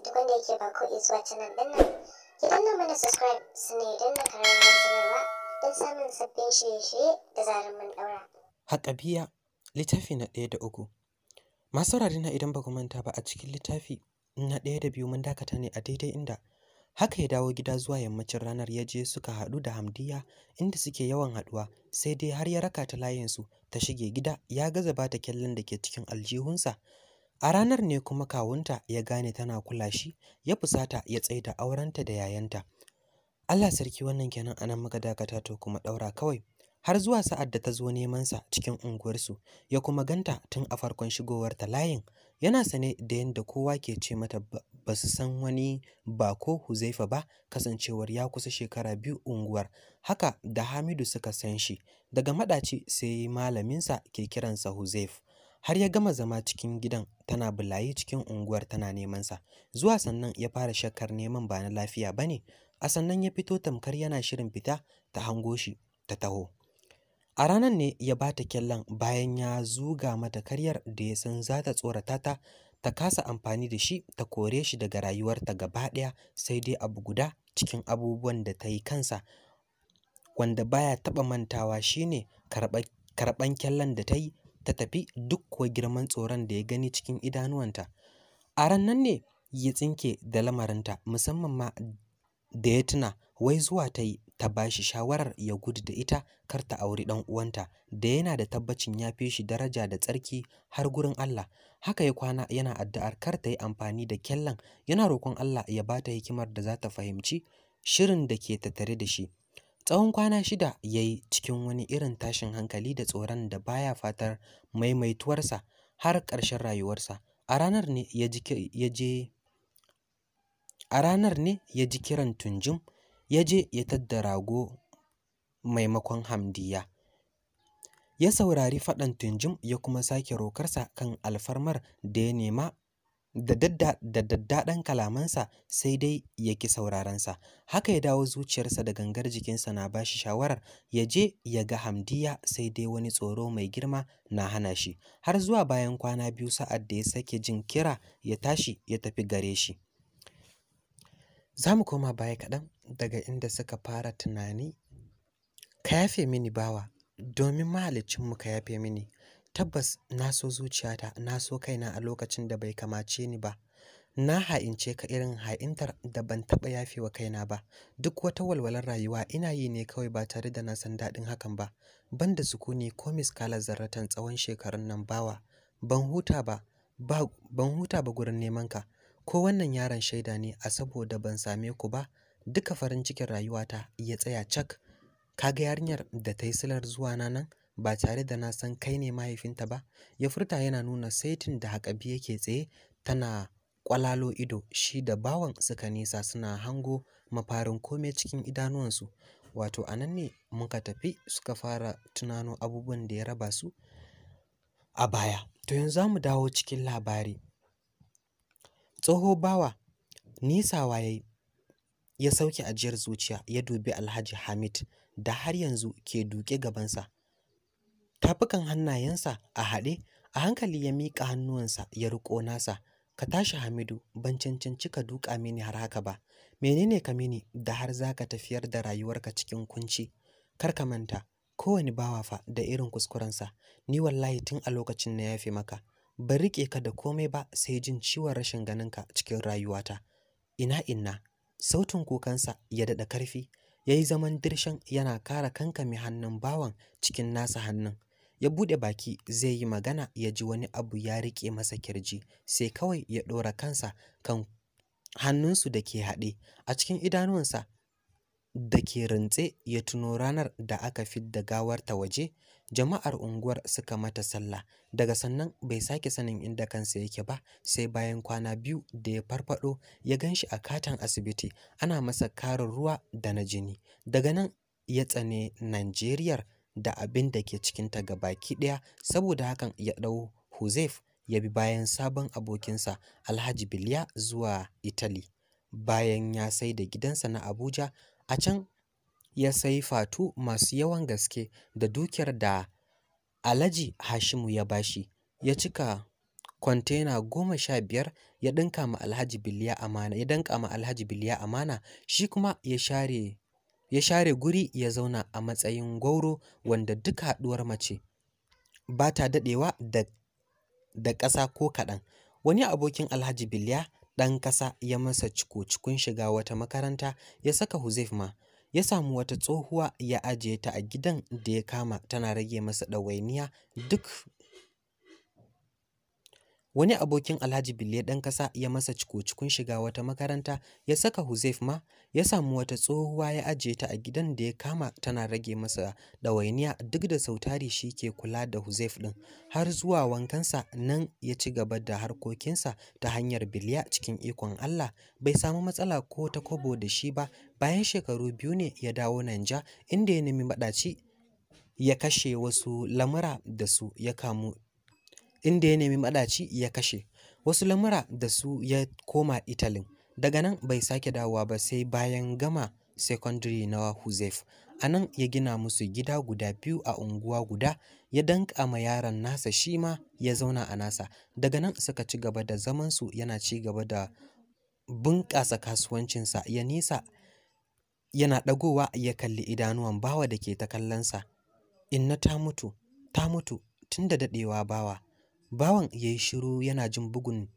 podcast duk wanda yake ba ko zuwa canal din nan ki danna mana subscribe sannan ya danna karamar sanarwa don samun sabbin shirye-shirye da zarar mun daura haƙabiya littafi na ɗaya da uku masu na idan ba ku manta ba a cikin littafi na ɗaya da biyu mun dakata ne a daidai inda haka ya dawo gida zuwa yammacin ranar ya je suka hadu da hamdiya inda suke yawan haɗuwa sai dai har ya raka ta layinsu ta shige gida ya gaza ba ta kyallin da ke cikin aljihunsa A ranar ne kuma kawunta ya gane tana kula shi, ya fusata ya tsaida aurenta da yayanta. Allah sarki wannan kenan anan muka dakata to kuma ɗaura kawai. Har zuwa sa'ad da ta zo nemansa cikin unguwarsu, ya kuma ganta tun a farkon shigowarta layin, yana sane da yadda kowa ke ce mata ba su san wani ba ko Huzaifa ba kasancewar ya kusa shekara biyu unguwar haka da Hamidu suka san shi daga madaci sai malaminsa ke kiransa huzaifa har ya gama zama cikin gidan tana bulaye cikin unguwar tana neman sa zuwa sannan ya fara shakkar neman ba na lafiya bane a sannan ya fito tamkar yana shirin fita ta hango shi ta taho a ranar ne ya bata kyallan bayan ya zuga mata karyar da ya san za ta tsorata ta ta kasa amfani da shi ta kore shi daga rayuwarta gaba ɗaya sai dai abu guda cikin abubuwan da ta yi kansa wanda baya taɓa mantawa shine karɓan kyallan da ta yi ta tafi duk kuwa girman tsoron da ya gani cikin idanuwanta. A ran nan ne ya tsinke da lamarinta musamman ma da ya tuna wai zuwa ta yi ta ba shi shawarar ya gudu da ita kar ta auri ɗan uwanta da yana da tabbacin ya fi shi daraja da tsarki har gurin Allah. Haka ya kwana yana addu'ar kar ta yi amfani da kyallan yana roƙon Allah ya ba ta hikimar da za ta fahimci shirin da ke tattare da shi. Tsawon kwana shida ya yi cikin wani irin tashin hankali da tsoron da baya fatar maimaituwarsa har ƙarshen rayuwarsa. A ranar ne ya ji kiran tunjin ya je ya tadda rago maimakon hamdiya. Ya saurari faɗan tunjin ya kuma sake rokarsa kan alfarmar da ya nema da daddaɗan kalamansa sai dai ya ki saurarensa haka ya dawo zuciyarsa da gangar jikinsa na bashi shawarar ya je ya ga hamdiya sai dai wani tsoro mai girma na hana shi har zuwa bayan kwana biyu sa'ad da ya sake jin kira ya tashi ya tafi gare shi za mu koma baya kaɗan daga inda suka fara tunani ka yafe mini bawa domin mahaliccinmu ka yafe mini Tabbas na so zuciyata, na so kaina a lokacin da bai kamace ni ba. Na ha'ince ka irin ha'intar da ban taɓa yafewa kaina ba. Duk wata walwalar rayuwa ina yi ne kawai ba tare da na san daɗin hakan ba. Ban da sukuni ko miskalar zarratan tsawon shekarun nan bawa. Ban huta ba, ban huta ba gurin neman ka. Ko wannan yaron shaida ne a saboda ban same ku ba. Duka farin cikin rayuwata ya tsaya cak. kaga yarinyar da ta yi silar zuwa nan? ba tare da na san kai ne mahaifinta ba ya furta yana nuna saitin da haƙabi yake tsaye tana ƙwalalo ido shi da bawan suka nisa suna hango mafarin komai cikin idanuwansu wato a nan ne muka tafi suka fara tunano abubuwan da ya raba su a baya to yanzu za mu dawo cikin labari tsoho bawa nisa waye ya sauke ajiyar zuciya ya dubi alhaji hamid da har yanzu ke duke gabansa tafukan hannayensa a haɗe a hankali ya miƙa hannuwansa ya riƙo nasa ka tashi hamidu ban cancanci ka duka mini har haka ba menene ka mini da har za ka tafiyar da rayuwarka cikin kunci kar ka manta kowane bawa fa da irin kuskurensa ni wallahi tun a lokacin na yafe maka ban riƙe ka da komai ba sai jin ciwon rashin ganinka cikin rayuwata ina ina, sautin kukansa ya daɗa karfi? ya yi zaman dirshan yana kara kankame hannun bawan cikin nasa hannun ya bude baki zai yi magana ya ji wani abu ya rike masa kirji sai kawai ya ɗora kansa kan hannunsu da ke haɗe a cikin idanuwansa da ke rintse ya tuno ranar da aka fi da gawar ta waje jama'ar unguwar suka mata sallah daga sannan bai sake sanin inda kansa yake ba sai bayan kwana biyu da ya farfado ya gan shi a katon asibiti ana masa karin ruwa da na jini daga nan ya tsane Najeriyar da abin da ke cikinta baki ɗaya saboda hakan ya ɗau Huzaif ya bi bayan sabon abokinsa Alhaji Biliya zuwa Italy. Bayan ya sai da gidansa na Abuja, a can ya sai fatu masu yawan gaske da dukiyar da Alhaji Hashimu ya bashi, ya cika kwantena goma sha biyar ya ɗinka ma Alhaji Biliya ya ɗinka ma Alhaji Biliya amana, shi kuma ya share ya share guri ya zauna a matsayin gwauro wanda duk haɗuwar mace ba ta daɗewa da ƙasa ko kaɗan. Wani abokin Alhaji Biliya ɗan ƙasa ya masa ciko shiga wata makaranta ya saka Huzaif ma. Ya samu wata tsohuwa ya ajiye ta a gidan da ya kama tana rage masa ɗawainiya duk Wani abokin Alhaji bilye ɗan ƙasa ya masa ciko shiga wata makaranta ya saka huzef ma ya samu wata tsohuwa ya ajiye ta a gidan da ya kama tana rage masa ɗawainiya duk da sautari shi ke kula da huzef ɗin har zuwa wankansa nan ya ci gaba da harkokinsa ta hanyar biliya cikin ikon Allah bai samu matsala ko ta kobo da shi ba bayan shekaru biyu ne ya dawo Nanja inda ya nemi maɗaci ya kashe wasu lamura da su ya kamu inda ya nemi madaci ya kashe. Wasu lamura da su ya koma Italin. Daga nan bai sake dawowa ba sai bayan gama secondary na Huzef. A nan ya gina musu gida guda biyu a unguwa guda, ya danka ma yaron nasa shi ma ya zauna a nasa. Daga nan suka ci gaba da zamansu yana ci gaba da bunƙasa kasuwancinsa ya nisa yana ɗagowa ya kalli idanuwan bawa da ke ta kallonsa. Inna ta mutu, ta mutu tun da daɗewa bawa. Bawan ya yi shiru yana jin bugun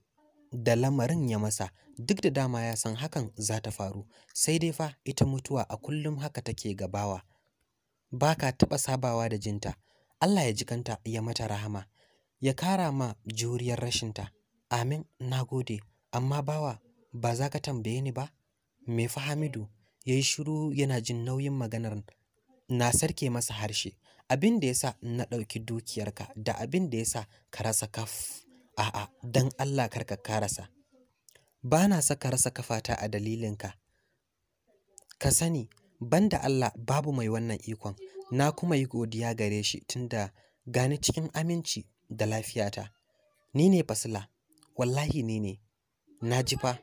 da lamarin ya masa duk da dama ya san hakan za ta faru sai dai fa ita mutuwa a kullum haka take gabawa ba ka taɓa sabawa da jinta Allah ya jikanta ya mata rahama ya kara ma juriyar rashinta amin na gode amma bawa ba za ka tambaye ni ba me fa Hamidu ya yi shiru yana jin nauyin maganar na sarke masa harshe abin da ya sa na ɗauki dukiyarka da abin da ya sa ka rasa kaf a'a don Allah karka ka rasa ba na saka rasa kafata a dalilinka ka sani banda Allah babu mai wannan ikon na kuma yi godiya gare shi tunda gani cikin aminci da lafiyata ni ne fasila wallahi ni ne na ji fa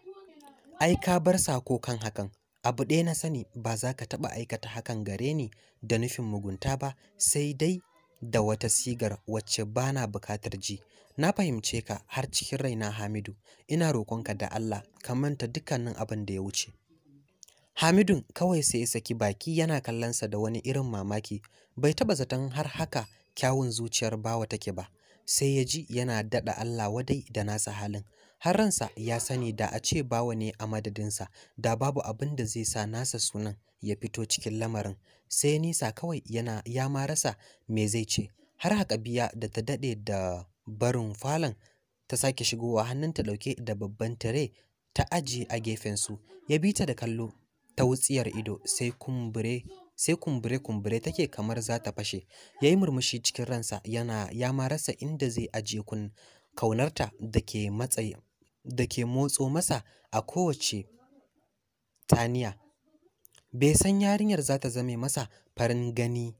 ai ka bar sako kan hakan Abu ɗaya na sani ba za ka taɓa aikata hakan gare ni da nufin mugunta ba sai dai da wata sigar wacce ba na bukatar ji. Na fahimce ka har cikin raina Hamidu, ina roƙonka da Allah ka manta dukkanin abin da ya wuce. Hamidun kawai sai ya saki baki yana kallonsa da wani irin mamaki, bai taɓa zaton har haka kyawun zuciyar bawa take ba, sai ya ji yana daɗa Allah wadai da nasa halin. Har ransa ya sani da a ce bawa ne a madadinsa, da babu abin da zai sa nasa sunan ya fito cikin lamarin. Sai nisa kawai yana ya ma rasa me zai ce. Har biya da ta daɗe da barin falon ta sake shigowa hannun ta ɗauke da babban tare ta aji a gefensu. Ya bi ta da kallo ta wutsiyar ido sai kumbure sai kumbure-kumbure take kamar za ta fashe ya yi murmushi cikin ransa yana ya ma rasa inda zai ajiye kun kaunarta da ke matsayi da ke motso masa a kowace taniya. Bai san yarinyar za ta zame masa farin gani,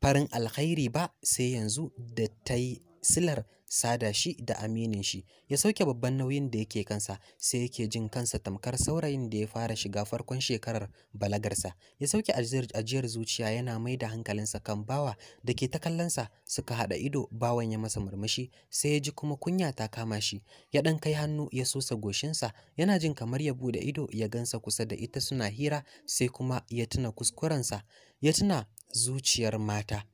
farin alkhairi ba sai yanzu da ta yi silar sada shi da aminin shi ya sauke babban nauyin da yake kansa sai yake jin kansa tamkar saurayin da ya fara shiga farkon shekarar balagarsa ya sauke ajiyar zuciya yana mai da hankalinsa kan bawa da ke ta kallonsa suka haɗa ido bawan ya masa murmushi sai ya ji kuma kunya ta kama shi ya ɗan kai hannu ya sosa goshinsa yana jin kamar ya buɗe ido ya gansa kusa da ita suna hira sai kuma ya tuna kuskurensa ya tuna zuciyar mata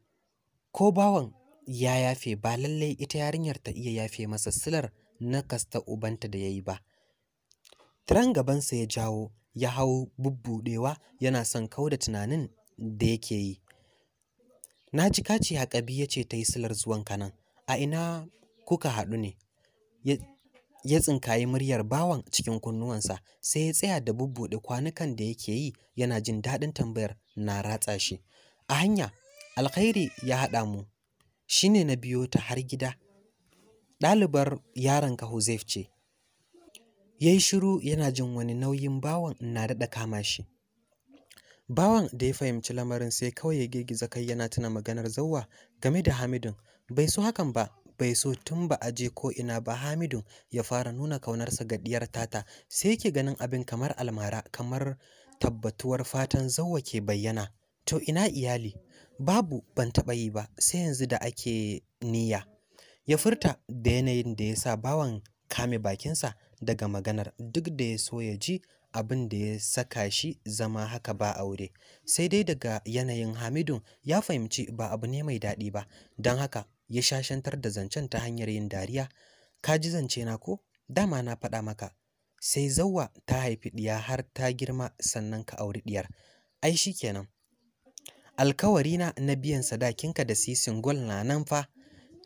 ko bawan ya yafe ba lallai ita yarinyar ta iya yafe masa silar na kasta ubanta da ya yi ba. Tiran gabansa ya jawo ya hau bubbudewa yana son kau da tunanin da yake yi. Na ji kaci haƙabi ya ce ta yi silar zuwan kanan, a ina kuka haɗu ne? Ya tsinkayi muryar bawan cikin kunnuwansa sai ya tsaya da bubbuɗe kwanukan da yake yi yana jin daɗin tambayar na ratsa shi. A hanya, alkhairi ya haɗa mu shi ne na biyo ta har gida. Ɗalibar yaron ka Huzef ce, ya yi shiru yana jin wani nauyin bawan na daɗa kama shi. Bawan da ya fahimci lamarin sai kawai ya girgiza kai yana tuna maganar zauwa game da Hamidun, bai so hakan ba, bai so tun ba a je ko ina ba Hamidun ya fara nuna kaunarsa ga diyar tata sai yake ganin abin kamar almara kamar tabbatuwar fatan zauwa ke bayyana. To ina iyali? Babu ban taɓa yi ba sai yanzu da ake niyya. Ya furta da yanayin da ya sa bawan kame bakinsa daga maganar duk da ya so ya ji abin da ya saka shi zama haka ba aure. Sai dai daga yanayin Hamidun ya fahimci ba abu ne mai daɗi ba, don haka ya shashantar da zancen ta hanyar yin dariya. Ka ji zance na ko? Dama na faɗa maka. Sai Zawwa ta haifi ɗiya har ta girma sannan ka auri ɗiyar. Ai shi kenan. alkawarina na biyan sadakinka da sisin gol na nan fa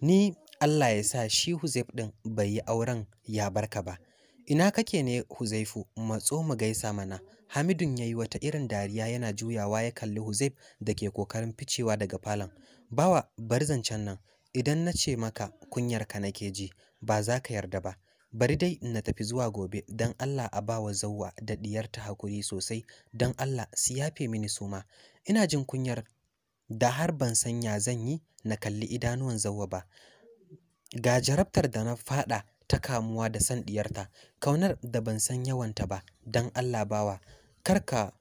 ni Allah ya sa shi Huzaif ɗin bai yi auren ya barka ba. Ina kake ne Huzaifu matso mu gaisa mana. Hamidun yayi wata irin dariya yana juyawa ya kalli Huzaif da ke kokarin ficewa daga falon. Bawa bar zancen nan idan na ce maka kunyarka nake ji ba za ka yarda ba. bari dai na tafi zuwa gobe don Allah a ba wa zauwa da diyarta hakuri sosai don Allah su yafe mini suma ina jin kunyar da har ban san ya zan yi na kalli idanuwan zauwa ba ga jarabtar da na faɗa ta kamuwa da san diyarta kaunar da ban san yawanta ba don Allah bawa karka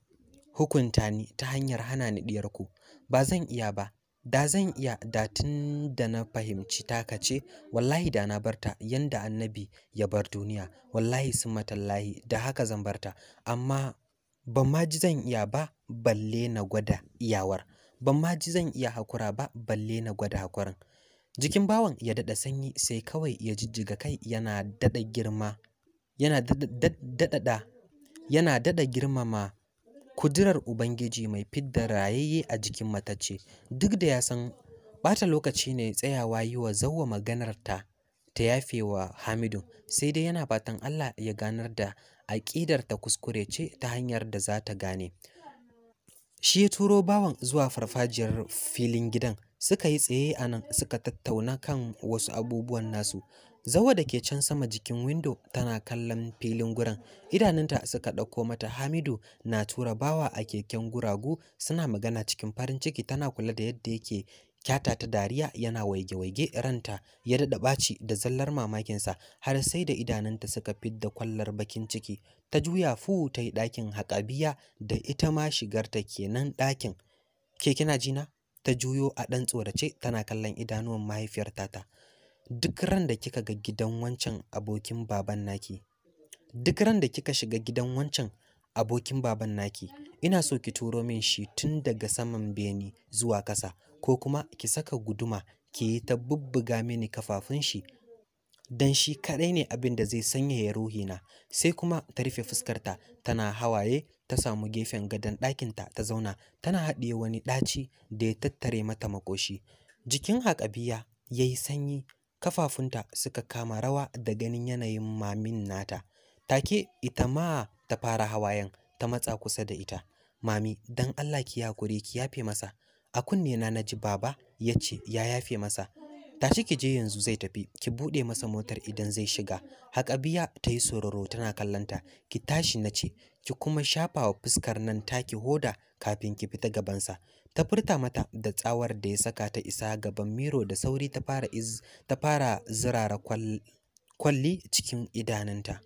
hukunta ni ta hanyar hana ni ku ba zan iya ba da zan iya da tun da na fahimci taka ce wallahi da na barta yanda annabi ya bar duniya wallahi sun matallahi da haka zan barta amma ban ma ji zan iya ba balle na gwada iyawar ban ma ji zan iya hakura ba balle na gwada hakurin jikin bawan ya dada sanyi sai kawai ya jijjiga kai yana dada girma yana dada yana daɗa girmama kudirar Ubangiji mai fidda rayayye a jikin matace, duk da ya san ɓata lokaci ne tsayawa yi wa zauwa maganar ta ta yafe wa Hamidu, sai dai yana fatan Allah ya ganar da aƙidar ta kuskure ce ta hanyar da za ta gane shi ya turo bawan zuwa farfajiyar filin gidan suka yi tsaye a nan suka tattauna kan wasu abubuwan nasu Zawa da ke can sama jikin window tana kallon filin gurin. Idanunta suka ɗauko mata Hamidu na tura bawa a keken guragu suna magana cikin farin ciki tana kula da yadda yake kyata ta dariya yana waige-waige ranta ya daɗa ɓaci da zallar mamakinsa har sai da idanunta suka fidda kwallar bakin ciki ta juya fu ta yi ɗakin haƙabiya da ita ma shigarta kenan ɗakin ke kina jina ta juyo a ɗan tsorace tana kallon idanuwan mahaifiyar tata duk ran da kika ga gidan wancan abokin baban naki duk ran da kika shiga gidan wancan abokin baban naki ina so ki turo min shi tun daga saman beni zuwa kasa ko kuma ki saka guduma ki yi ta bubbuga mini kafafun shi dan shi kadai ne abin da zai sanya ya ruhina sai kuma ta rufe fuskarta tana hawaye ta samu gefen gadon ɗakinta ta zauna tana haɗiye wani ɗaci da ya tattare mata makoshi jikin haƙabiya ya yi sanyi Kafafunta suka kama rawa da ganin yanayin mamin nata. Take ita ma ta fara hawayen ta matsa kusa da ita. Mami, dan Allah ki hakuri ki yafe masa. A kunne na naji baba ya ce ya yafe masa. Tashi ki je yanzu zai tafi, ki buɗe masa motar idan zai shiga. Haƙabiya ta yi sororo tana kallonta, ki tashi na ce, ki kuma shafa wa fuskar nan taki hoda kafin ki fita gabansa. ta furta mata da tsawar da ya saka ta isa gaban miro da sauri ta fara iz ta fara zirara kwalli cikin idanunta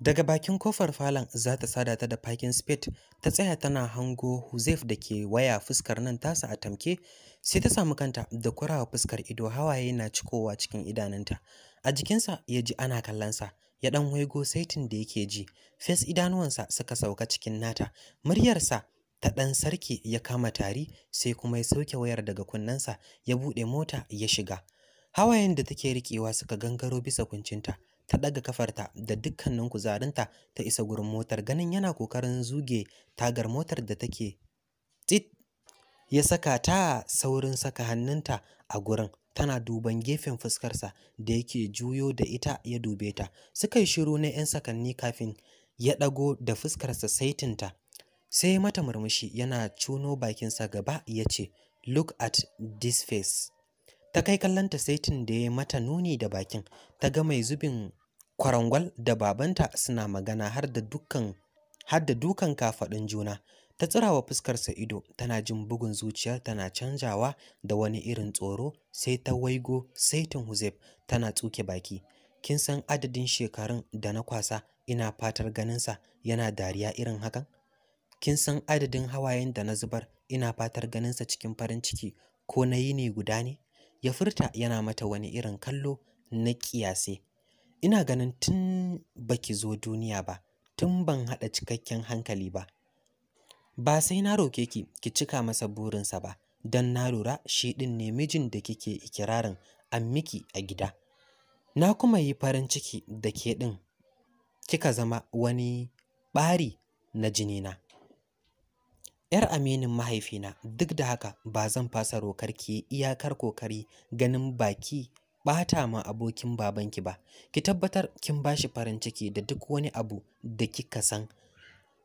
daga bakin kofar falon za ta sada ta da fakin spade ta tsaya tana hango huzef da ke waya fuskar nan tasa a tamke sai ta samu kanta da kurawa fuskar ido hawaye na cikowa cikin idanunta a jikinsa ya ji ana kallonsa ya ɗan waigo saitin da yake ji fes idanuwansa suka sauka cikin nata muryarsa ta ɗan sarki ya kama tari sai kuma ya sauke wayar daga kunnensa ya buɗe mota ya shiga hawayen da take riƙewa suka gangaro bisa kuncinta ta ɗaga kafarta da dukkanin kuzarinta ta isa gurin motar ganin yana kokarin zuge tagar motar da take tsit ya saka ta saurin saka hannunta a gurin tana duban gefen fuskarsa da yake juyo da ita ya dube ta suka yi shiru na 'yan sakanni kafin ya ɗago da fuskarsa saitinta sai mata murmushi yana cuno bakinsa gaba ya ce look at this face ta kai kallonta saitin da ya mata nuni da bakin ta ga mai zubin kwarangwal da babanta suna magana har da dukkan har da dukan kafaɗin juna ta tsirawa fuskarsa ido tana jin bugun zuciyar tana canjawa da wani irin tsoro sai ta waigo saitin huzef tana tsuke baki kin san adadin shekarun da na kwasa ina fatar ganinsa yana dariya irin hakan kin san adadin hawayen da na zubar ina fatar ganinsa cikin farin ciki ko na yi ne guda ne ya furta yana mata wani irin kallo na kiyase ina ganin tun baki zo duniya ba tun ban haɗa cikakken hankali ba ba sai na roke ki ki cika masa burinsa ba don na lura shi ɗin ne mijin da kike ikirarin an miki a gida na kuma yi farin ciki da ke ɗin kika zama wani ɓari na jini na. 'yar aminin mahaifina duk da haka ba zan fasa rokar ki iyakar kokari ganin baki ɓata ma abokin babanki ba ki tabbatar kin bashi farin ciki da duk wani abu da kika san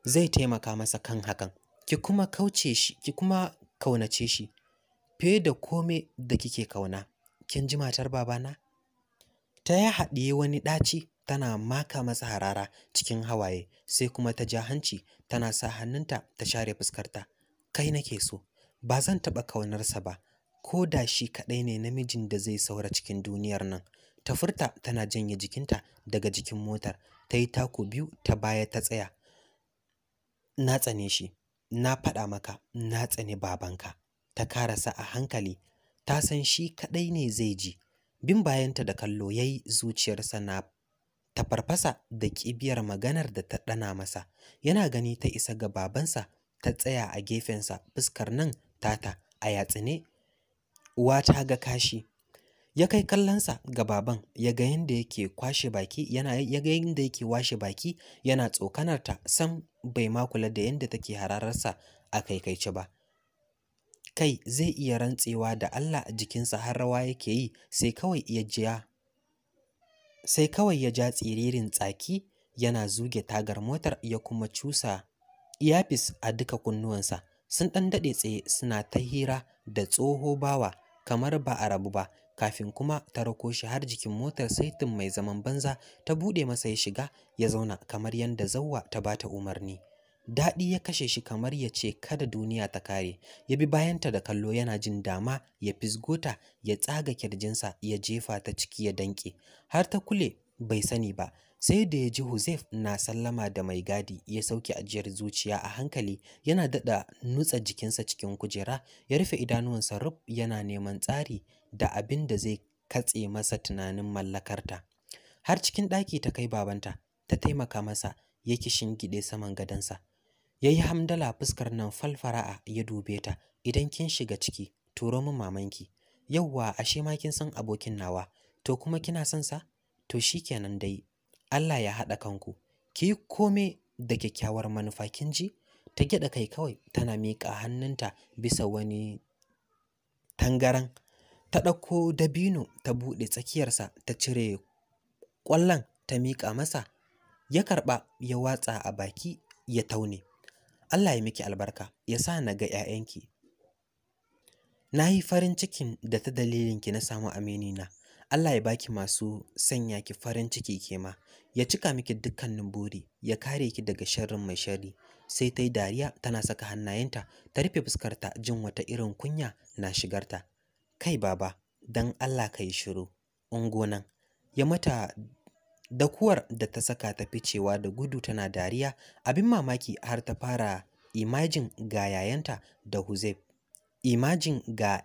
zai taimaka masa kan hakan ki kuma kauce shi ki kuma kaunace shi fiye da kome da kike kauna kin ji matar babana ta ya haɗiye wani ɗaci tana maka masa harara cikin hawaye sai kuma ta ja hanci tana sa hannunta ta share fuskarta kai nake so ba zan taɓa ƙaunarsa ba ko da shi kaɗai ne namijin da zai saura cikin duniyar nan ta furta tana janye jikinta daga jikin motar ta yi taku biyu ta baya ta tsaya na tsane shi na faɗa maka na tsane babanka ta karasa a hankali ta san shi kaɗai ne zai ji bin bayanta da kallo yayi zuciyarsa na ta farfasa da kibiyar maganar da ta ɗana masa yana gani ta isa ga babansa ta tsaya a gefensa fuskar nan tata a yatsine uwa ta ga kashi ya kai kallonsa ga baban ya ga yadda yake kwashe baki yana ya ga yadda yake washe baki yana tsokanar ta san bai ma kula da yadda take hararsa a kaikaici ba kai zai iya rantsewa da Allah jikinsa har rawa yake yi sai kawai iya jiya sai kawai ya ja tsiririn tsaki yana zuge tagar motar ya kuma cusa iyafis a duka kunnuwansa sun ɗan daɗe tsaye suna ta hira da tsoho bawa kamar ba a rabu ba kafin kuma ta rako shi har jikin motar saitin mai zaman banza ta buɗe masa ya shiga ya zauna kamar yadda Zawwa ta bata umarni daɗi ya kashe shi kamar ya ce kada duniya ta kare ya bi bayanta da kallo yana jin dama ya fisgota ya tsaga kirjinsa ya jefa ta ciki ya danƙe har ta kule bai sani ba sai da ya ji Huzef na sallama da mai gadi ya sauke ajiyar zuciya a hankali yana daɗa nutsa jikinsa cikin kujera ya rufe idanuwansa rub yana neman tsari da abin da zai katse masa tunanin mallakarta har cikin ɗaki ta kai babanta ta taimaka masa ya kishin saman gadansa Ya yi hamdala fuskar nan falfara'a ya dube ta, idan kin shiga ciki, turo min mamanki. Yauwa ashe ma kin san abokin nawa, to kuma kina son sa? To shi kenan dai, Allah ya haɗa kanku, ki yi kome da kyakkyawar manufa kin ji? Ta gyaɗa kai kawai tana miƙa hannunta bisa wani tangaran. Ta ɗauko dabino ta buɗe tsakiyarsa ta cire ƙwallon ta miƙa masa, ya karɓa ya watsa a baki ya taune. Allah ya miki albarka ya sa na ga 'ya'yanki na yi farin cikin da ta dalilinki na samu aminina Allah ya baki masu sanya ki farin ciki ke ma ya cika miki dukkanin buri ya kare ki daga sharrin mai shari. sai ta yi dariya tana saka hannayenta ta rufe fuskarta jin wata irin kunya na shigarta kai baba don Allah ka yi shiru ungonan ya mata Dakuwar da ta saka ta ficewa da gudu tana dariya, abin mamaki har ta fara imajin ga yayanta da huzeb Imajin ga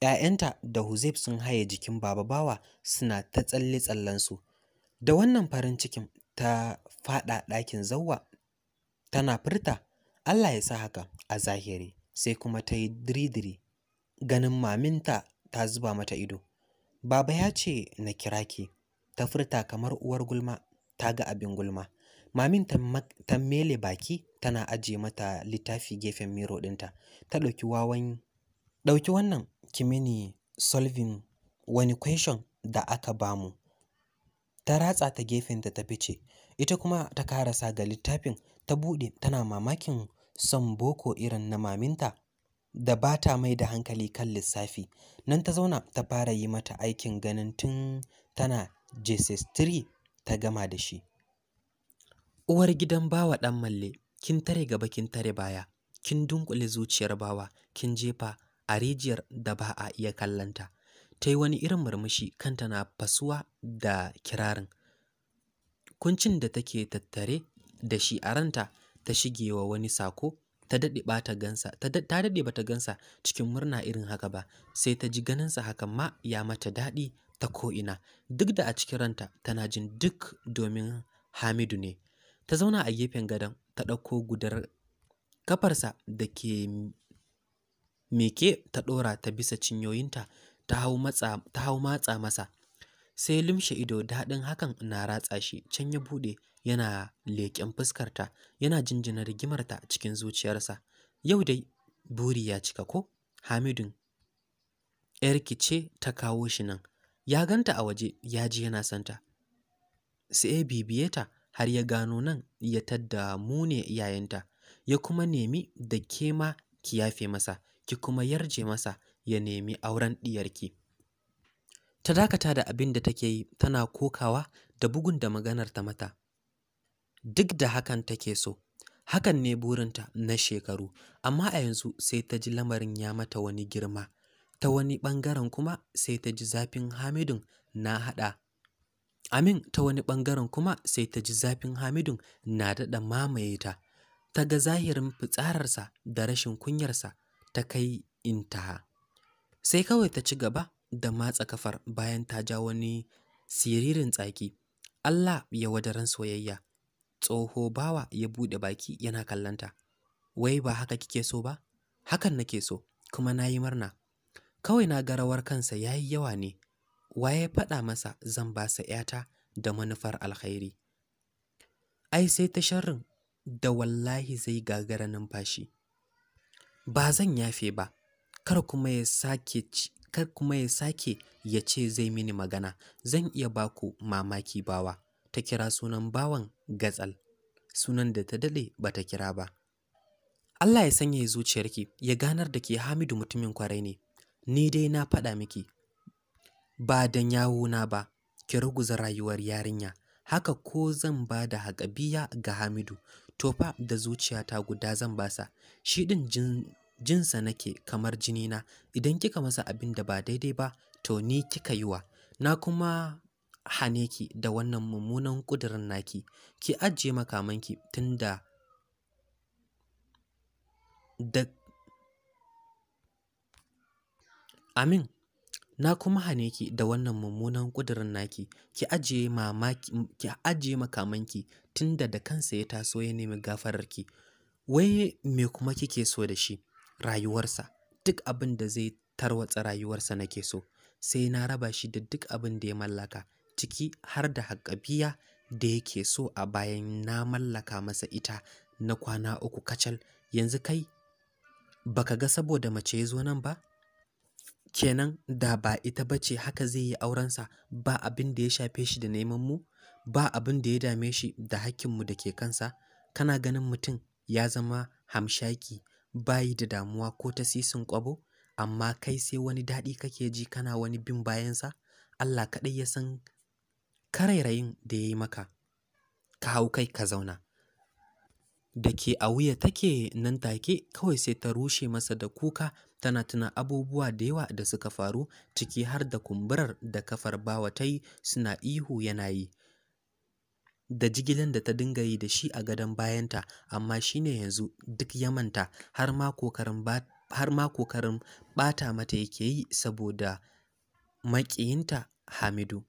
‘ya'yanta da huzeb sun haye jikin Baba Bawa suna ta tsalle-tsallensu. Da wannan farin cikin ta faɗa ɗakin Zawwa tana furta, Allah ya sa haka a zahiri, sai kuma ta yi diridiri ganin maminta ta zuba mata ido. Baba ya ce na kira ki, ta furta kamar uwar gulma ta ga abin gulma. Mamin ta mele baki tana ajiye mata littafi gefen miro dinta. Ta ɗauki wawan ɗauki wannan kimini solving wani question da aka bamu. Ta ratsa ta gefen ta ta fice, ita kuma ta karasa ga littafin ta buɗe tana mamakin son boko irin na maminta da ba ta mai da hankali kan lissafi. Nan ta zauna ta fara yi mata aikin ganin tun tana jesus 3 ta gama da shi uwar gidan bawa ɗan malle kin tare gaba kin tare baya kin dunkule zuciyar bawa kin jefa a rijiyar da ba a iya kallanta ta yi wani irin murmushi kanta na fasuwa da kirarin kuncin da take tattare da shi a ranta ta shigewa wani sako ta daɗe bata gansa ta daɗe bata gansa cikin murna irin haka ba sai ta ji ganinsa haka ma ya mata daɗi ta ko'ina duk da a cikin ranta tana jin duk domin hamidu ne ta zauna a gefen gadon ta ɗauko gudar kafarsa da ke meke ta ɗora ta bisa cinyoyinta ta hau matsa masa sai limshe ido daɗin hakan na ratsa shi can ya buɗe yana leƙen fuskarta yana jinjina rigimarta cikin zuciyarsa yau dai buri ya cika ko hamidun yarki ce ta kawo shi nan ya ganta a waje ya ji yana santa sai ya bibiye ta har ya gano nan ya tadda mu ne ya kuma nemi da ke ma ki yafe masa ki kuma yarje masa ya nemi auren ɗiyarki ta dakata da abin da take yi tana kokawa da bugun da maganar ta mata duk da hakan take so hakan ne burinta na shekaru amma a yanzu sai ta ji lamarin ya mata wani girma ta wani ɓangaren kuma sai ta ji zafin Hamidun na haɗa Amin ta wani ɓangaren kuma sai ta ji zafin Hamidun na daɗa mamaye ta, ta ga zahirin fitsararsa da rashin kunyarsa ta kai intaha. Sai kawai ta ci gaba da matsa kafar bayan ta ja wani siririn tsaki. Allah ya wadaran soyayya. Tsoho bawa ya buɗe baki yana kallanta. Wai ba haka kike so ba? Hakan nake so, kuma na yi murna. Kawai na ga rawar kansa ya yi yawa ne, waye faɗa masa zan ba sa ‘yata da manufar alkhairi. Ai sai ta sharrin da wallahi zai gagara numfashi. Ba zan yafe ba, kar kuma ya sake kar ya ce zai mini magana, zan iya baku mamaki bawa, ta kira sunan bawan gatsal, sunan da ta daɗe ba ta kira ba. Allah ya sanya zuciyarki ya ganar da ke Hamidu mutumin kwarai ne, Ni dai na faɗa miki, ba dan na ba, ki ruguza rayuwar yarinya. Haka ko zan ba da haƙabiya ga Hamidu, to fa da zuciyata guda zan basa, shi ɗin jin, jinsa nake kamar jinina, idan kika masa abin da ba daidai ba, to ni kika yi wa, na kuma hane ki da wannan mummunan ƙudurin naki, ki ajiye makamanki tun da Amin, na kuma hane ki da wannan mummunan ƙudurin naki, ki ajiye makamanki tunda da kansa ya taso ya nemi gafararki. Wai me kuma kike so da shi? Rayuwarsa, duk abin da zai tarwatsa rayuwarsa nake so, sai na raba shi da duk abin da ya mallaka, ciki har da haƙƙabiya da yake so a bayan na mallaka masa ita na kwana uku kacal, yanzu kai baka ga saboda mace ya zo nan ba? kenan da ba ita ba ce haka zai yi aurensa ba abin da ya shafe shi da neman mu ba abin da ya dame shi da hakkinmu da ke kansa kana ganin mutum ya zama hamshaki bayi da damuwa ko ta sisin kwabo amma kai sai wani daɗi kake ji kana wani bin bayansa Allah kaɗai ya san karairayin da ya yi maka ka hau kai ka zauna da ke a wuya take nan take kawai sai ta rushe masa da kuka tana tuna abubuwa da yawa da suka faru ciki har da kumburar da kafar bawa ta yi suna ihu yana yi da jigilan da ta dinga yi da shi a gadon bayanta amma shine yanzu duk ya manta har ma kokarin bata ɓata mata yake yi saboda maƙiyinta Hamidu.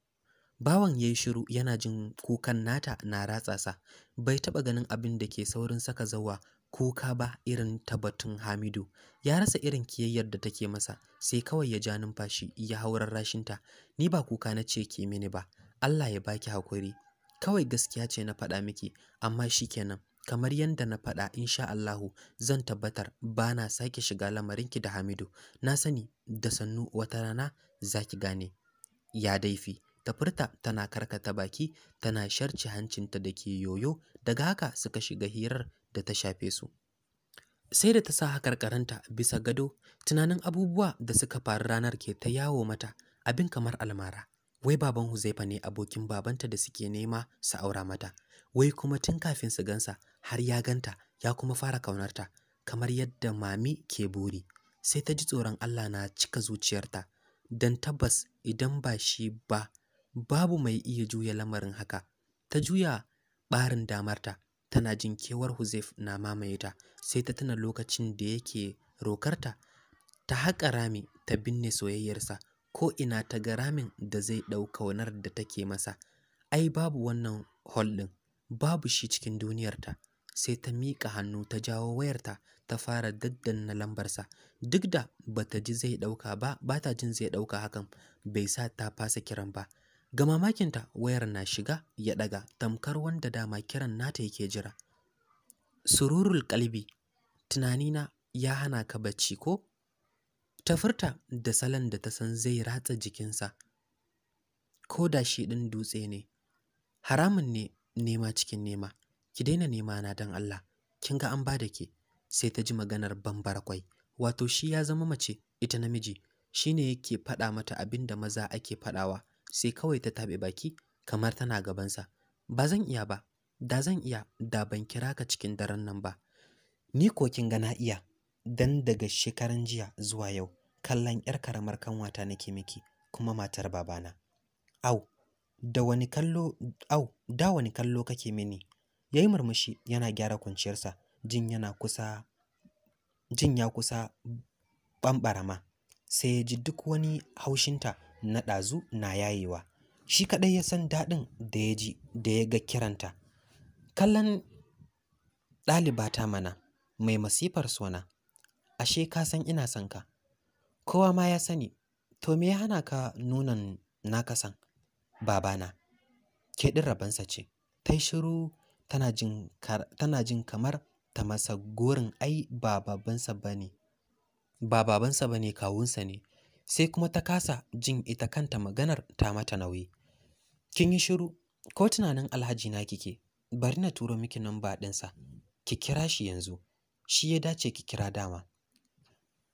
Bawan ya yi shiru yana jin kukan nata na ratsasa bai taɓa ganin abin da ke saurin saka zawa kuka ba irin tabbatun Hamidu. Ya rasa irin kiyayyar da take masa, sai kawai ya ja numfashi ya haurar rashinta. Ni ba kuka na ce ke mini ba, Allah ya baki hakuri. Kawai gaskiya ce na faɗa miki, amma shi kenan. Kamar yadda na faɗa insha Allahu zan tabbatar ba na sake shiga lamarinki da Hamidu. Na sani da sannu wata rana za ki gane. Ya daifi. Tafurta tana karkata baki tana sharci hancinta da ke yoyo daga haka suka shiga hirar da ta shafe su. Sai da ta sa ƙaranta bisa gado, tunanin abubuwa da suka faru ranar ke ta yawo mata abin kamar almara. Wai baban Huzaifa ne abokin babanta da suke nema su aura mata, wai kuma tun kafin su gansa har ya ganta ya kuma fara kaunarta, kamar yadda mami ke buri. Sai ta ji tsoron Allah na cika zuciyarta, don tabbas idan ba shi ba, babu mai iya juya lamarin haka. Ta juya ɓarin damarta, tana jin kewar Huzaif na mamaye ta sai ta tuna lokacin da yake rokarta ta haƙa rami ta binne soyayyarsa ko ina ta ga ramin da zai ɗau kaunar da take masa ai babu wannan holdin babu shi cikin duniyarta sai ta miƙa hannu ta jawo wayarta ta fara daddan na lambarsa duk da bata ji zai ɗauka ba bata jin zai ɗauka hakan bai sa ta fasa kiran ba Ga mamakinta wayar na shiga ya ɗaga tamkar wanda dama kiran nata yake jira. Sururul kalbi, tunanina ya hana ka bacci ko? Ta furta da salon da ta san zai ratsa jikinsa. Ko da shi ɗin dutse ne, haramun ne nema cikin nema, ki daina nema na don Allah, kin ga an ba da ke, sai ta ji maganar bambara kwai, wato shi ya zama mace ita namiji, shi ne yake faɗa mata abin da maza ake faɗawa. sai kawai ta taɓe baki kamar tana gabansa ba zan iya ba da zan iya da ban kira ka cikin daren nan ba ni ko kin ga iya dan daga shekaran jiya zuwa yau kallon yar karamar kanwata nake miki kuma matar babana au da wani kallo au da wani kallo kake mini yayi murmushi yana gyara kwanciyarsa jin yana kusa jin ya kusa bambara sai ya ji duk wani haushinta na ɗazu na yayewa shi kaɗai ya san daɗin da ya ji da ya ga kiranta kallon ɗalibata mana mai masifar sona ashe ka san ina son ka kowa ma ya sani to me ya hana ka nunan naka san babana keɗin rabansa ce ta yi shiru tana jin kamar ta masa gorin ai ba babansa ba ne ba babansa ba ne kawunsa ne sai kuma ta kasa jin ita kanta maganar ta mata nauyi. Kin yi shiru, ko tunanin alhaji na kike, bari na turo miki namba ɗinsa, ki kira shi yanzu, shi ya dace ki kira dama.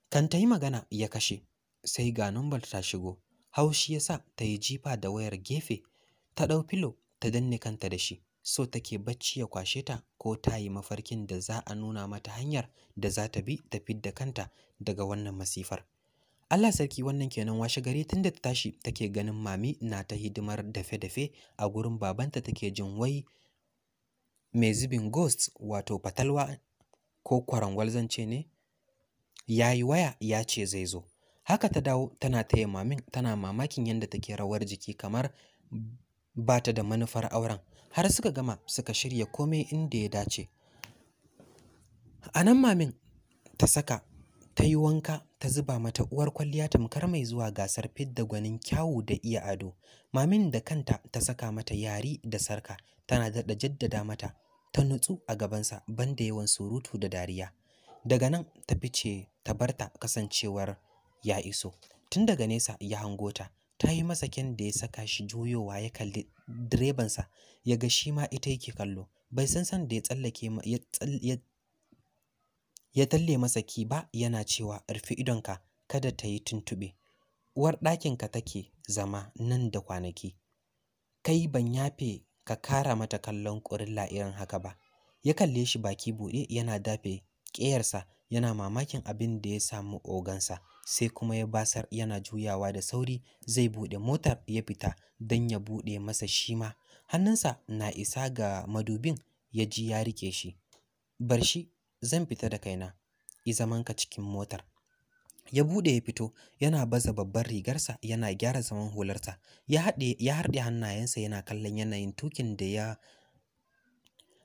Kan ta yi magana ya kashe, sai ga numbar ta shigo, haushi ya sa ta yi jifa da wayar gefe, ta ɗau filo ta danne kanta da shi, so take bacci ya kwashe ta ko ta yi mafarkin da za a nuna mata hanyar da za ta bi ta fidda kanta daga wannan masifar. Allah sarki wannan kenan washe gari tunda ta tashi take ganin mami na ta hidimar dafe-dafe a gurin babanta take jin wai mai zubin ghost wato fatalwa ko kwarangwal zance ne ya yi waya ya ce zai zo haka ta dawo tana taya mamin tana mamakin yadda take rawar jiki kamar ba ta da manufar auren har suka gama suka shirya komai inda ya dace a nan mamin ta saka ta yi wanka ta zuba mata uwar kwalliya tamkar mai zuwa gasar fidda gwanin kyawu da iya ado. Mamin da kanta ta saka mata yari da sarka tana daɗa jaddada mata ta nutsu a gabansa banda yawan surutu da dariya. Daga nan ta fice ta barta kasancewar ya iso. Tun daga nesa ya hango ta, ta yi masa kyan da ya saka shi juyowa ya kalli direbansa ya ga shi ma ita yake kallo. Bai san san da ya tsallake ya ya talle masa kiba yana cewa rufe idonka kada ta yi tuntuɓe uwar ɗakinka take zama nan da kwanaki kai ban yafe ka kara mata kallon ƙurilla irin haka ba ya kalle shi baki buɗe yana dafe ƙeyarsa yana mamakin abin da ya samu ogansa sai kuma ya basar yana juyawa da sauri zai buɗe motar ya fita don ya buɗe masa shi ma hannunsa na isa ga madubin ya ji ya rike shi bar shi zan fita da kaina i zamanka cikin motar ya buɗe ya fito yana baza babbar rigarsa yana gyara zaman hularsa ya haɗe harɗe hannayensa yana kallon yanayin tukin da ya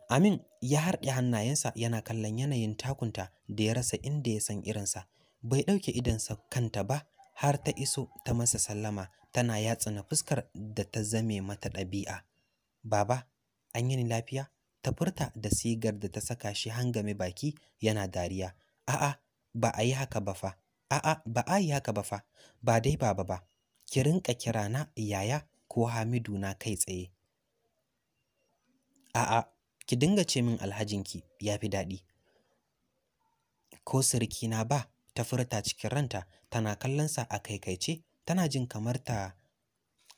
Amin ya harɗe hannayensa yana kallon yanayin takunta da ya rasa inda ya san irinsa bai ɗauke idonsa kanta ba har ta iso ta masa sallama tana yatsa na fuskar da ta zame mata ɗabi'a baba an yi ni lafiya ta furta da sigar da ta saka shi hangame baki yana dariya. A'a, ba a yi haka ba fa. A'a, ba a yi haka ba fa. Ba dai baba ba. Ki rinka kira na yaya ko Hamidu na kai tsaye. A'a, ki dinga ce min alhajinki ya fi daɗi. Ko sirikina ba, ta furta cikin ranta tana kallonsa a kaikaice tana jin kamar ta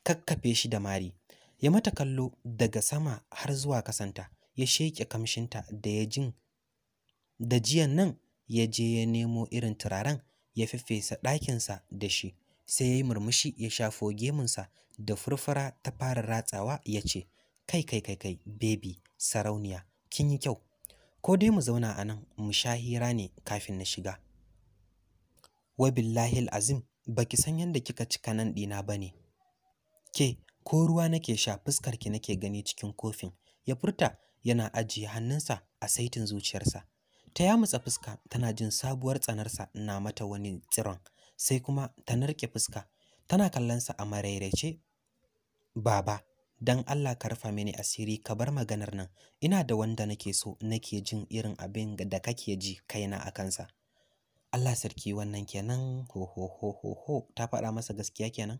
kakkafe shi da mari ya mata kallo daga sama har zuwa kasanta ya sheƙe kamshinta da ya jin da jiyan nan ya je ya nemo irin turaren ya fesa ɗakinsa da shi sai ya yi murmushi ya shafo gemunsa da furfura ta fara ratsawa ya ce kai kai kai kai baby sarauniya kin yi kyau ko dai mu zauna a nan mu sha hira ne kafin na shiga wa billahi azim baki san yadda kika cika nan ɗina ba ne ke ko ruwa nake sha fuskar ki nake gani cikin kofin ya furta yana ajiye hannunsa a saitin zuciyarsa ta yamutsa fuska tana jin sabuwar tsanarsa na mata wani tsiron sai kuma ta narke fuska tana kallonsa a marairaice baba don Allah ka rufa mini asiri ka bar maganar nan ina da wanda nake so nake jin irin abin da kake ji kaina a kansa Allah sarki wannan kenan ho ta faɗa masa gaskiya kenan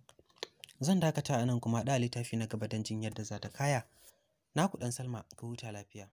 zan dakata nan kuma da littafi na gaba don jin yadda za ta kaya naku ku ɗan Salma, ka huta lafiya.